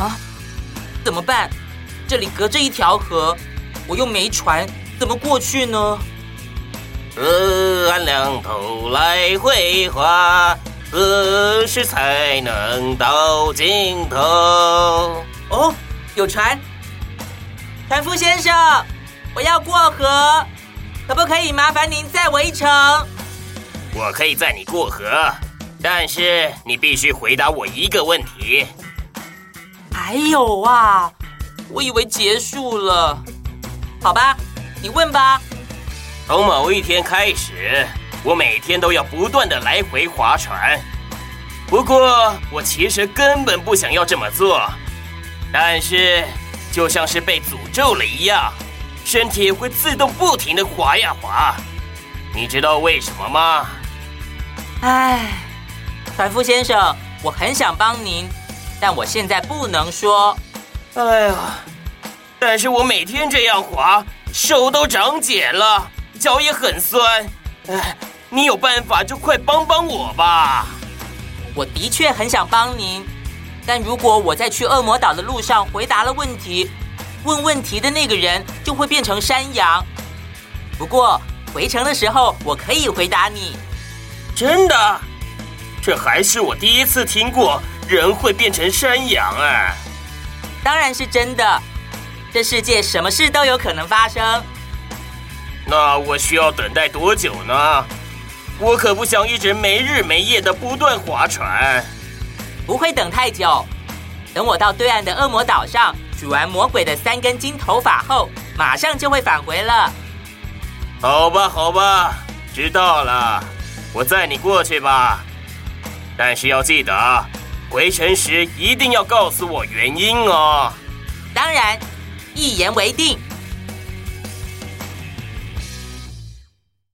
啊，怎麼辦？這裡隔着一條河，我又沒船，怎麼過去呢？呃，兩頭來回划，何、呃、時才能到盡頭？哦，有船，船夫先生，我要過河，可不可以麻煩您載我一程？我可以載你過河，但是你必須回答我一個問題。還有啊，我以為結束了，好吧，你問吧。從某一天開始，我每天都要不斷的來回划船。不過我其實根本不想要這麼做，但是就像是被詛咒了一樣，身體會自動不停的划呀划。你知道為什麼嗎？唉，船夫先生，我很想幫您。但我現在不能說，哎呀！但是我每天這樣划，手都長繭了，腳也很酸。哎，你有辦法就快幫幫我吧！我的確很想幫您，但如果我在去惡魔島的路上回答了問題，問問題的那個人就會變成山羊。不過回程的時候我可以回答你。真的？這還是我第一次聽過。人會變成山羊哎、啊，當然是真的。這世界什麼事都有可能發生。那我需要等待多久呢？我可不想一直沒日沒夜的不斷划船。不會等太久，等我到對岸的惡魔島上取完魔鬼的三根金頭髮後，馬上就會返回了。好吧，好吧，知道了。我載你過去吧，但是要記得，回城時一定要告訴我原因哦、啊。當然，一言為定。